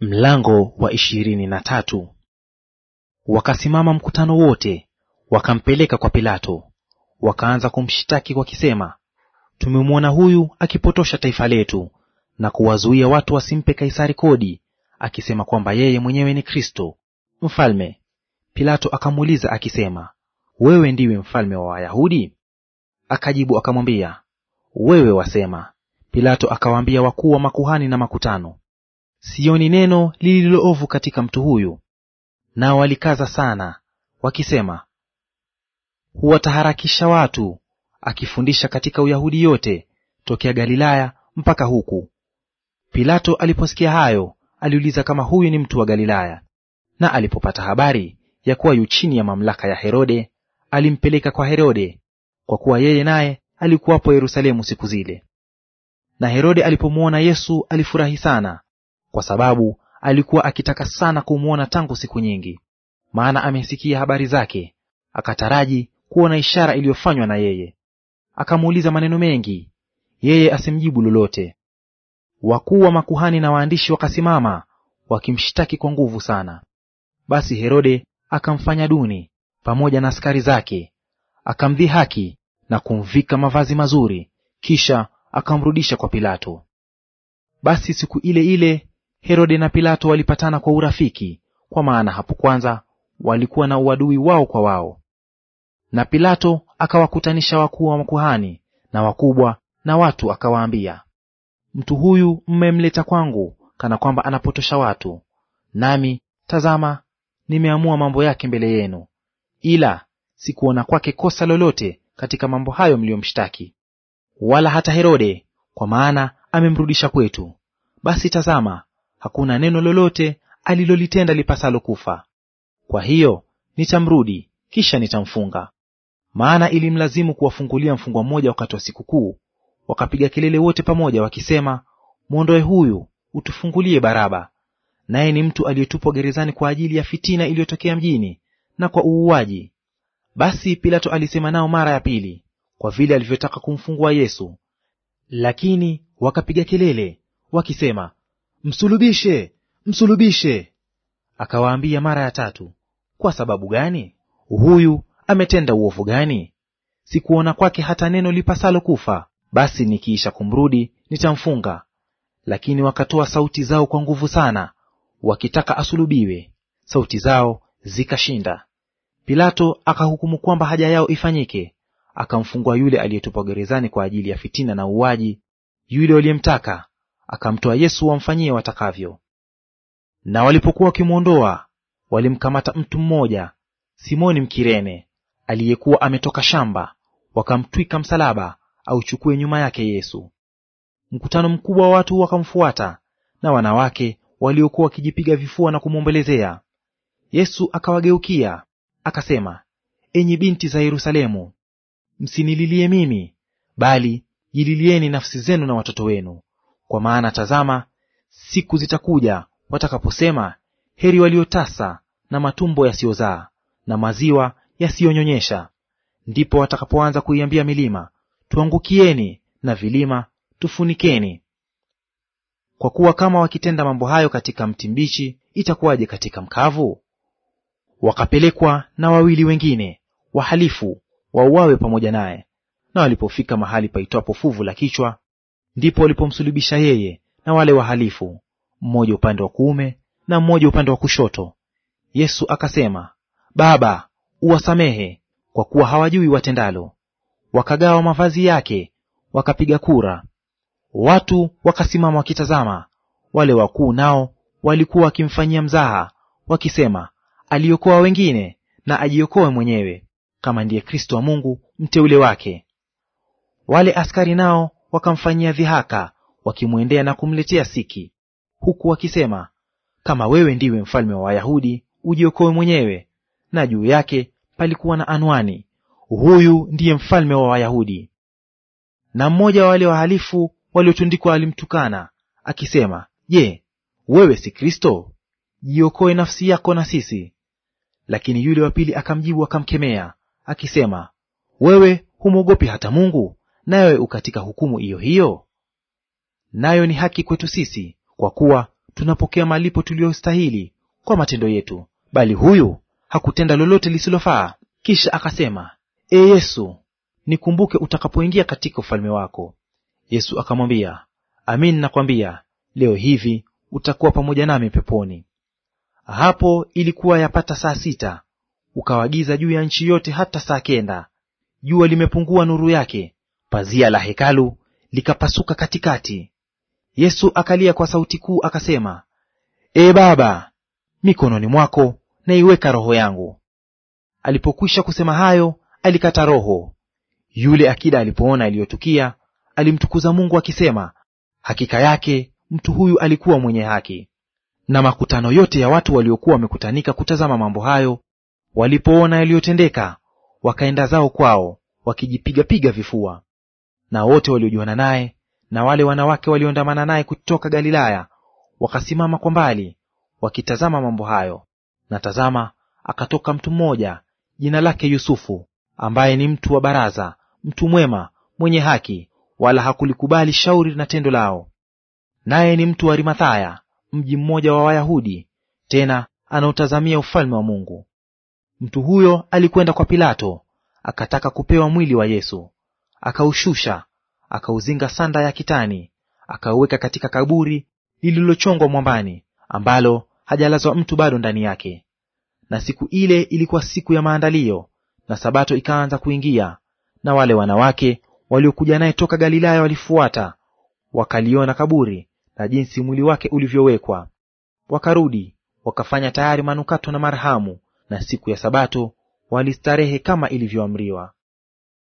Mlango wa ishirini na tatu. Wakasimama mkutano wote, wakampeleka kwa Pilato, wakaanza kumshitaki wakisema, tumemwona huyu akipotosha taifa letu na kuwazuia watu wasimpe Kaisari kodi, akisema kwamba yeye mwenyewe ni Kristo mfalme. Pilato akamuuliza akisema, wewe ndiwe mfalme wa Wayahudi? Akajibu akamwambia, wewe wasema. Pilato akawaambia wakuu wa makuhani na makutano sioni neno lililoovu katika mtu huyu. Nao walikaza sana wakisema, huwataharakisha watu akifundisha katika Uyahudi yote tokea Galilaya mpaka huku. Pilato aliposikia hayo, aliuliza kama huyu ni mtu wa Galilaya, na alipopata habari ya kuwa yu chini ya mamlaka ya Herode, alimpeleka kwa Herode, kwa kuwa yeye naye alikuwapo Yerusalemu siku zile. Na Herode alipomwona Yesu alifurahi sana, kwa sababu alikuwa akitaka sana kumwona tangu siku nyingi, maana amesikia habari zake, akataraji kuona ishara iliyofanywa na yeye. Akamuuliza maneno mengi, yeye asimjibu lolote. Wakuu wa makuhani na waandishi wakasimama wakimshtaki kwa nguvu sana. Basi Herode akamfanya duni pamoja na askari zake, akamdhihaki na kumvika mavazi mazuri, kisha akamrudisha kwa Pilato. Basi siku ile ile Herode na Pilato walipatana kwa urafiki, kwa maana hapo kwanza walikuwa na uadui wao kwa wao. Na Pilato akawakutanisha wakuu wa makuhani na wakubwa na watu, akawaambia, mtu huyu mmemleta kwangu kana kwamba anapotosha watu, nami tazama, nimeamua mambo yake mbele yenu, ila sikuona kwake kosa lolote katika mambo hayo mliyomshtaki, wala hata Herode, kwa maana amemrudisha kwetu. Basi tazama, hakuna neno lolote alilolitenda lipasalo kufa. Kwa hiyo nitamrudi, kisha nitamfunga. Maana ilimlazimu kuwafungulia mfungwa mmoja wakati wa sikukuu, wakapiga kelele wote pamoja wakisema, mwondoe huyu, utufungulie Baraba. Naye ni mtu aliyetupwa gerezani kwa ajili ya fitina iliyotokea mjini na kwa uuaji. Basi Pilato alisema nao mara ya pili, kwa vile alivyotaka kumfungua Yesu. Lakini wakapiga kelele wakisema, Msulubishe, msulubishe! Akawaambia mara ya tatu, kwa sababu gani? Huyu ametenda uovu gani? Sikuona kwake hata neno lipasalo kufa. Basi nikiisha kumrudi nitamfunga. Lakini wakatoa sauti zao kwa nguvu sana, wakitaka asulubiwe. Sauti zao zikashinda. Pilato akahukumu kwamba haja yao ifanyike, akamfungua yule aliyetupwa gerezani kwa ajili ya fitina na uuaji, yule waliyemtaka, akamtoa Yesu wamfanyie watakavyo. Na walipokuwa wakimwondoa, walimkamata mtu mmoja, Simoni Mkirene, aliyekuwa ametoka shamba, wakamtwika msalaba auchukue nyuma yake Yesu. Mkutano mkubwa wa watu wakamfuata, na wanawake waliokuwa wakijipiga vifua na kumwombolezea. Yesu akawageukia akasema, enyi binti za Yerusalemu, msinililie mimi, bali jililieni nafsi zenu na watoto wenu. Kwa maana tazama, siku zitakuja watakaposema, heri waliotasa na matumbo yasiyozaa na maziwa yasiyonyonyesha. Ndipo watakapoanza kuiambia milima, tuangukieni, na vilima, tufunikeni. Kwa kuwa kama wakitenda mambo hayo katika mti mbichi, itakuwaje katika mkavu? Wakapelekwa na wawili wengine wahalifu wauawe pamoja naye. Na walipofika mahali paitwapo fuvu la kichwa, ndipo walipomsulubisha yeye na wale wahalifu, mmoja upande wa kuume na mmoja upande wa kushoto. Yesu akasema, Baba, uwasamehe, kwa kuwa hawajui watendalo. Wakagawa mavazi yake, wakapiga kura. Watu wakasimama wakitazama. Wale wakuu nao walikuwa wakimfanyia mzaha, wakisema, aliokoa wengine na ajiokoe mwenyewe, kama ndiye Kristo wa Mungu, mteule wake. Wale askari nao wakamfanyia dhihaka, wakimwendea na kumletea siki, huku wakisema, kama wewe ndiwe mfalme wa Wayahudi, ujiokoe mwenyewe. Na juu yake palikuwa na anwani, huyu ndiye mfalme wa Wayahudi. Na mmoja wa wale wahalifu waliotundikwa alimtukana akisema, Je, wewe si Kristo? Jiokoe nafsi yako na sisi. Lakini yule wa pili akamjibu akamkemea akisema, wewe humwogopi hata Mungu? nawe ukatika hukumu iyo hiyo? Nayo ni haki kwetu sisi, kwa kuwa tunapokea malipo tuliyostahili kwa matendo yetu, bali huyu hakutenda lolote lisilofaa. Kisha akasema, E Yesu, nikumbuke utakapoingia katika ufalme wako. Yesu akamwambia, Amin nakwambia, leo hivi utakuwa pamoja nami peponi. Hapo ilikuwa yapata saa sita, ukawagiza juu ya nchi yote hata saa kenda. Jua limepungua nuru yake, Pazia la hekalu likapasuka katikati. Yesu akalia kwa sauti kuu akasema, e Baba, mikononi mwako naiweka roho yangu. Alipokwisha kusema hayo, alikata roho. Yule akida alipoona aliyotukia, alimtukuza Mungu akisema, hakika yake mtu huyu alikuwa mwenye haki. Na makutano yote ya watu waliokuwa wamekutanika kutazama mambo hayo, walipoona yaliyotendeka, wakaenda zao kwao wakijipigapiga vifua na wote waliojuana naye na wale wanawake walioandamana naye kutoka Galilaya wakasimama kwa mbali wakitazama mambo hayo. Na tazama, akatoka mtu mmoja jina lake Yusufu, ambaye ni mtu wa baraza, mtu mwema, mwenye haki, wala hakulikubali shauri na tendo lao. Naye ni mtu wa Arimathaya, mji mmoja wa Wayahudi, tena anautazamia ufalme wa Mungu. Mtu huyo alikwenda kwa Pilato akataka kupewa mwili wa Yesu akaushusha, akauzinga sanda ya kitani, akauweka katika kaburi lililochongwa mwambani, ambalo hajalazwa mtu bado ndani yake. Na siku ile ilikuwa siku ya maandalio, na sabato ikaanza kuingia, na wale wanawake waliokuja naye toka Galilaya walifuata, wakaliona kaburi na jinsi mwili wake ulivyowekwa. Wakarudi wakafanya tayari manukato na marhamu, na siku ya sabato walistarehe kama ilivyoamriwa.